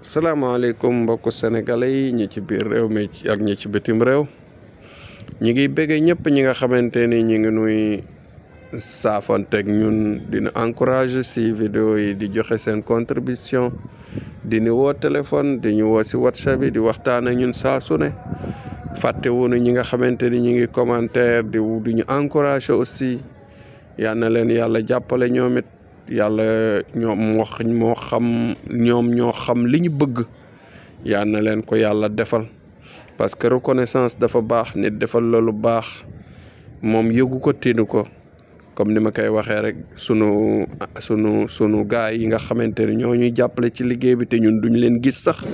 salaamaaleykum mbokku sénégalais yi ñi ci biir réew mi ak ñi ci bitim réew ñi ngi béggee ñëpp ñi nga xamante ni ñi ngi nuy saafanteeg ñun dina encourage si video yi di joxe seen contribution di ñu woo téléphone di woo si whatsapp yi di waxtaan ñun saa su ne fàtte wuñu ñi nga xamante ni ñi ngi commentaire di di ñu encouragé aussi yal na leen yàlla jàppale ñoom it yàlla ñoom moo xam ñoom ñoo xam li ñu bëgg yaa na leen ko yàlla defal parce que reconnaissance dafa baax nit defal la lu baax moom yëgu ko tinu ko comme ni ma koy waxee rek sunu sunu sunu gaay yi nga xamante ne ñoo ñuy jàppale ci liggéey bi te ñun duñ leen gis sax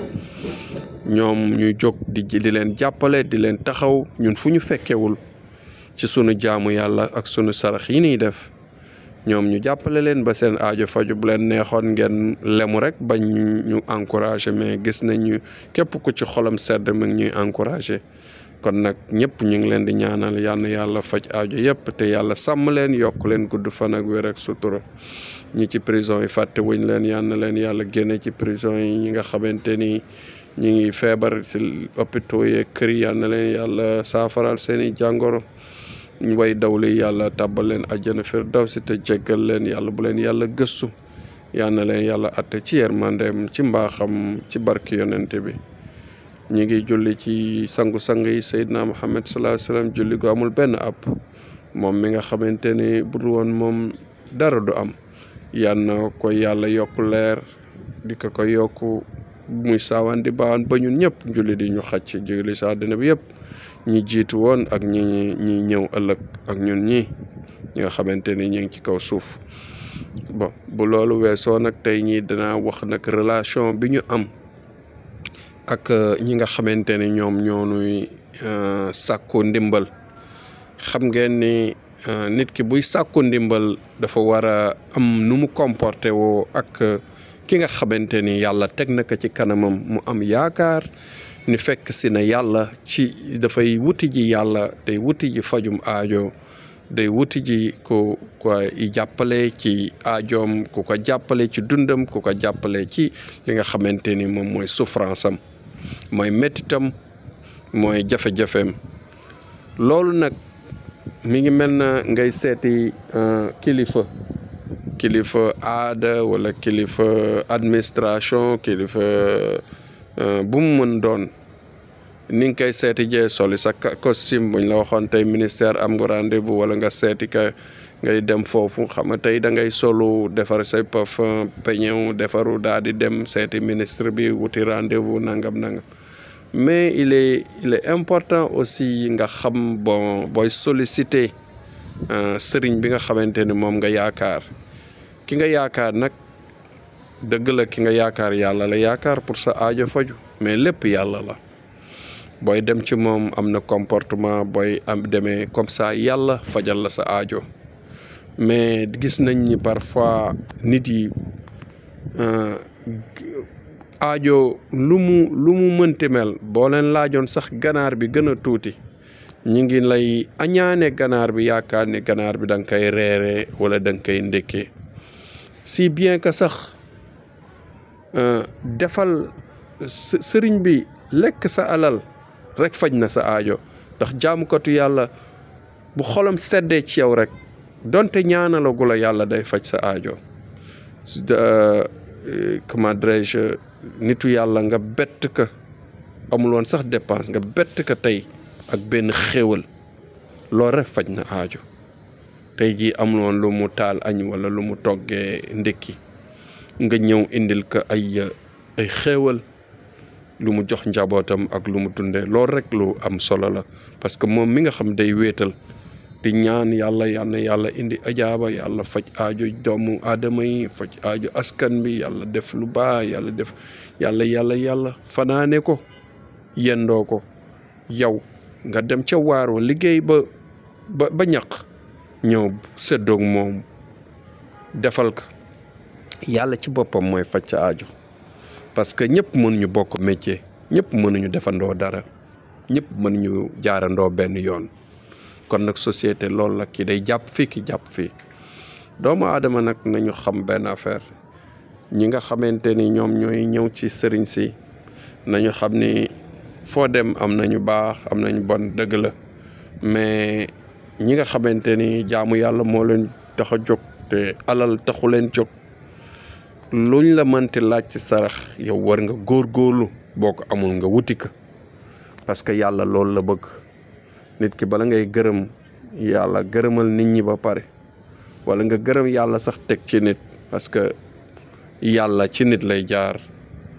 ñoom ñuy jóg di di leen jàppale di leen taxaw ñun fu ñu fekkewul ci sunu jaamu yàlla ak sunu sarax yi ñuy def ñoom ñu jàppale leen ba seen aajo faju bu leen neexoon ngeen lemu rek bañ ñu encouragé mais gis nañu képp ku ci xolam sedd mi ñuy encouragé kon nag ñëpp ñu ngi leen di ñaanal yal na yàlla faj aajo yëpp te yàlla sàmm leen yokk leen gudd fan ak wér ak sutura ñi ci prison yi fàtte wuñ leen yal na leen yàlla génne ci prison yi ñi nga xamante ni ñu ngi feebar ci hôpitaux yeeg kër yi yal na leen yàlla saafaral seen i jàngoro way dawli yàlla tàbbal leen àjjana firdawsi te jéggal leen yàlla bu leen yàlla gëstu yal leen yàlla atte ci yërmandeem ci mbaaxam ci barki yonente bi ñu ngi julli ci sangu sangu yi Seydina Muhammad sallallahu alayhi wasallam julli gu amul benn app moom mi nga xamante ni bu dul woon moom dara du am yal na ko yàlla yokk leer di ko ko yokk muy saawaan di baawan ba ñun ñëpp julli di ñu xacc julli sa àddina bi yëpp ñi jiitu woon ak ñi ñi ñëw ëllëg ak ñun ñi ñi nga xamante ni ñu ngi ci kaw suuf bon bu loolu weesoo nag tey ñii danaa wax nag relation bi ñu am ak euh, ñi nga xamante ni ñoom ñoo ñoonuy euh, sàkku ndimbal xam ngeen ni euh, nit ki buy sàkku ndimbal dafa war a am nu mu comporté woo ak ki nga xamante ni yàlla teg na ko ci kanamam mu am yaakaar ñu fekk si ne yàlla ci dafay wuti ji yàlla day wuti ji fajum aajo day wuti ji ku ko jàppale ci aajom ku ko jàppale ci dundam ku ko jàppale ci li nga xamante ni moom mooy souffrance am mooy mettitam mooy jafe-jafeem loolu nag mi ngi mel na ngay seeti euh, kilifa kilifa aada wala kilifa administration kilifa Euh, bu mu mën doon ni nga koy seeti jee soli sax costume buñ la waxoon tey ministère am nga rendez wala nga seeti ka ngay dem foofu xam nga tey da ngay solu defar say parfum peñew defaru daal di dem seeti ministre bi wuti rendez-vous nangam nangam mais il est il est important aussi nga xam bon booy solliciter euh, sëriñ bi nga xamante ni moom nga yaakaar ki nga yaakaar nag. dëgg la ki nga yaakaar yàlla la yaakaar pour sa aajo faju mais lépp yàlla la booy dem ci moom am na comportement booy am demee comme saa yàlla fajal la sa ajo mais gis nañ ni parfois nit yi euh, aajo lu mu lu mu mënti mel boo leen laajoon sax ganaar bi gën a tuuti ñu ngi lay añaane ganaar bi yaakaar ni ganaar bi da nga koy reere wala da nga koy ndékkee si bien que sax Euh, defal euh, sëriñ bi lekk sa alal rek faj na sa aajo ndax jaamukatu yàlla bu xolam seddee ci yow rek donte ñaanalagu la yàlla day faj sa aajo euh, comment dirais-je nitu yàlla nga bett ka amul woon sax depanse nga bett ka tey ak benn xéewal loolu rek faj na aajo tey jii amul woon lu mu taal añ walla lu mu toggee ndékki nga ñëw indil ko ay ay xéewal lu mu jox njabootam ak lu mu dunde loolu rek lu am solo la parce que moom mi nga xam day wéetal di ñaan yàlla yàlla yàlla indi ajaaba yàlla faj ajo doomu aadama yi faj aajo askan bi yàlla def lu baax yàlla def yàlla yàlla yàlla fanaane ko yendoo ko yow nga dem ca waaroo liggéey ba ba ba ñaq ñëw séddoog moom defal ko yàlla ci boppam mooy faj ca aajo parce que ñëpp mënuñu bokk métier ñëpp mënuñu defandoo dara ñëpp mënuñu jaarandoo benn yoon kon nag société loolu la kii day jàpp fii ki jàpp fii doomu aadama nag nañu xam benn affaire ñi nga xamante ni ñoom ñooy ñëw ci sëriñ si nañu xam ni foo dem am nañu baax am nañu bon dëgg la mais ñi nga xamante ni jaamu yàlla moo leen tax a jóg te alal taxu leen jóg luñ la mënti laaj ci sarax yow war nga góor góorlu boo ko amul nga wuti ko parce que yàlla loolu la bëgg nit ki bala ngay gërëm yàlla gërëmal nit ñi ba pare wala nga gërëm yàlla sax teg ci nit parce que yàlla ci nit lay jaar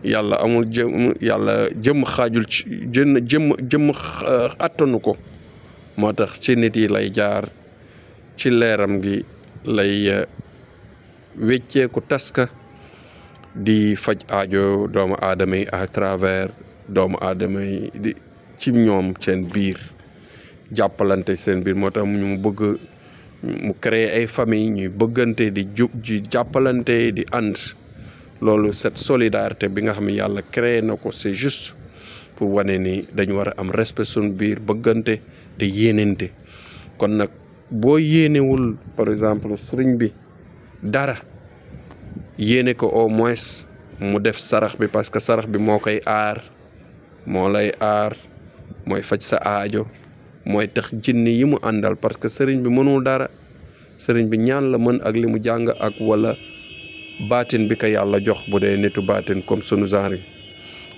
yàlla amul jëm yàlla jëmm xaajul ci jën jëmm jëmm euh, attanu ko moo tax ci nit yi lay jaar ci leeram gi lay euh, wécceeku taska di faj aajo doomu aadama yi à travers doomu aadama yi di ci ñoom seen biir jàppalante seen biir moo tax ñu bëgg mu créer ay famille ñuy bëggante di jub ji jàppalante di ànd loolu cette solidarité bi nga xam ne yàlla créer na ko c'est juste pour wane ni dañu war a am respect suñu biir bëggante di yéenente kon nag boo yéenewul par exemple sëriñ bi dara yéene ko au moins mu def sarax bi parce que sarax bi moo koy aar moo lay aar mooy faj sa aajo mooy tax jinni yi mu àndal parce que sëriñ bi mënul dara sëriñ bi ñaan la mën ak li mu jàng ak wala baatin bi ko yàlla jox bu dee nitu baatin comme sunu genre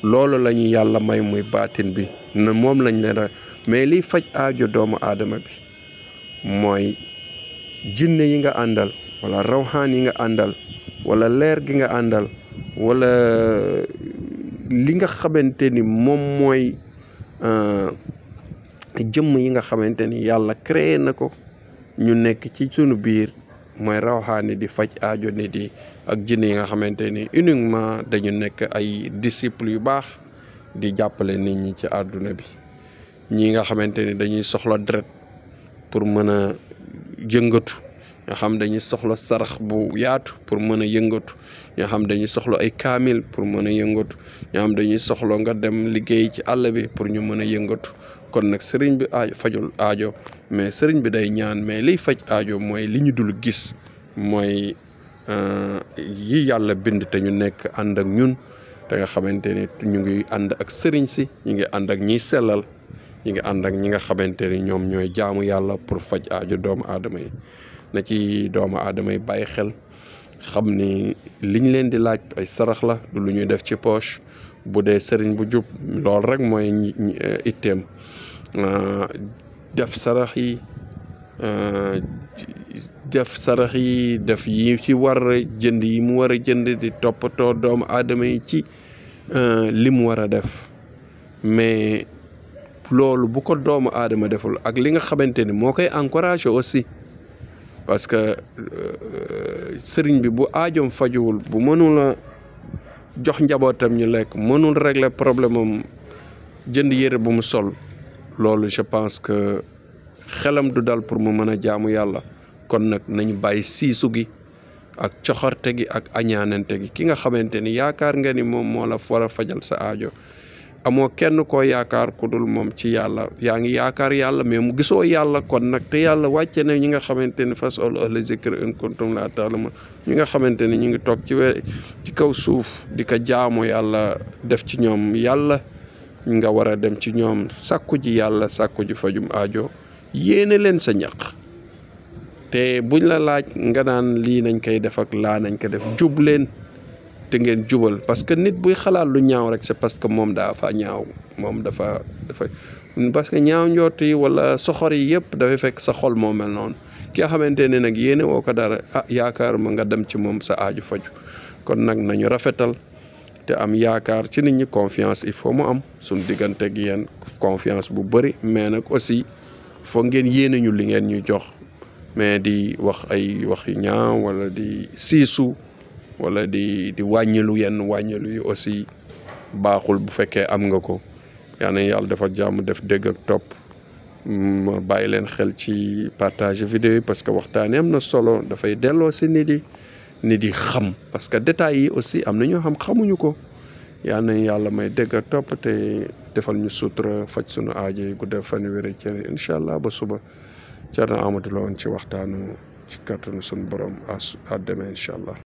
loolu lañu yàlla may muy baatin bi na moom lañ leen mais liy faj aajo doomu aadama bi mooy jinne yi nga àndal wala rawxaan yi nga àndal wala leer gi nga àndal wala euh, li nga xamante ni moom mooy euh, jëmm yi nga xamante ni yàlla créé na ko ñu nekk ci sunu biir mooy rawxaani di faj aajo nit yi ak jinne yi nga xamante ni uniquement dañu nekk ay disciples yu baax di jàppale nit ñi ci àdduna bi ñi nga xamante ni dañuy soxla deret pour mën a jëngatu ñoo xam dañuy soxla sarax bu yaatu pour mën a yëngatu ñoo xam dañuy soxla ay kaamil pour mën a yëngatu ñoo dañuy soxla nga dem liggéey ci àll bi pour ñu mën a yëngatu kon nag sëriñ bi aajo fajul aajo mais sëriñ bi day ñaan mais liy faj aajo mooy li ñu dul gis mooy euh, yi yàlla bind te ñu nekk ànd ak ñun te nga xamante ni ñu ngi ànd ak sëriñ si ñu ngi ànd ak ñiy sellal ñu ngi ànd ak ñi nga xamante ni ñoom ñooy jaamu yàlla pour faj aajo doomu aadama yi na ci doomu aadama yi bàyyi xel xam ni liñ leen di laaj ay sarax la lu ñuy def ci poche bu dee sëriñ bu jub loolu rek mooy eh, itteem ah, def sarax yi ah, def sarax yi def yi ci war a jënd yi mu war a jënd di toppatoo doomu aadama yi ci ah, li mu war a def mais loolu bu ko doomu aadama deful ak li nga xamante ni moo koy encouragé aussi parce que euh, sëriñ bi bu aajoom fajuwul bu mënula jox njabootam ñu lekk mënul régler problème am jënd yére bu mu sol loolu je pense que xelam du dal pour mu mën a jaamu yàlla kon nag nañu bàyyi siisu gi ak coxorte gi ak añaanante gi ki nga xamante ni yaakaar nga ni moom moo la war a fajal sa aajo amoo kenn ko yaakaar ku dul moom ci yàlla yaa ngi yaakaar yàlla mais mu gisoo yàlla kon nag te yàlla wàcce na ñi nga xamante ni fas'alu la zikri in kuntum laa ta'lamuun ñi nga xamante ni ñu ngi toog ci we ci kaw suuf di ko jaamu yàlla def ci ñoom yàlla nga war a dem ci ñoom sàkku ji yàlla sàkku ji fajum aajo yéene leen sa ñaq te buñ la laaj nga naan lii nañ koy def ak laa nañ ko def jub leen te ngeen jubal parce que nit buy xalaat lu ñaaw rek c'est parce que moom dafa ñaaw moom dafa dafa parce que ñaaw njoot yi wala soxor yi yëpp dafay fekk sa xol moo mel noonu ki xamante ne nag yéene woo ko dara ah yaakaar ma nga dem ci moom sa aaju faju kon nag nañu rafetal te am yaakaar ci nit ñi confiance il faut mu am suñ diggante ak yéen confiance bu bëri mais nag aussi foog ngeen yéene ñu li ngeen ñuy jox mais di wax ay wax yu ñaaw wala di siisu wala di di wàññilu yenn wàññilu yi aussi baaxul bu fekkee am nga ko yaa nañ yàlla dafa jàmm def dégg ak topp ma mm, bàyyi leen xel ci partage vidéo yi parce que waxtaanee am na solo dafay delloo si nit yi nit xam parce que détails yi aussi am na ñoo xam xamuñu ko yaa nañ yàlla may dégg ak topp te defal ñu sutura faj suñu aajo yi guddal fan wér cere incha allah ba suba Thierno Amadou la woon ci waxtaanu ci kattanu sunu borom à à demain allah.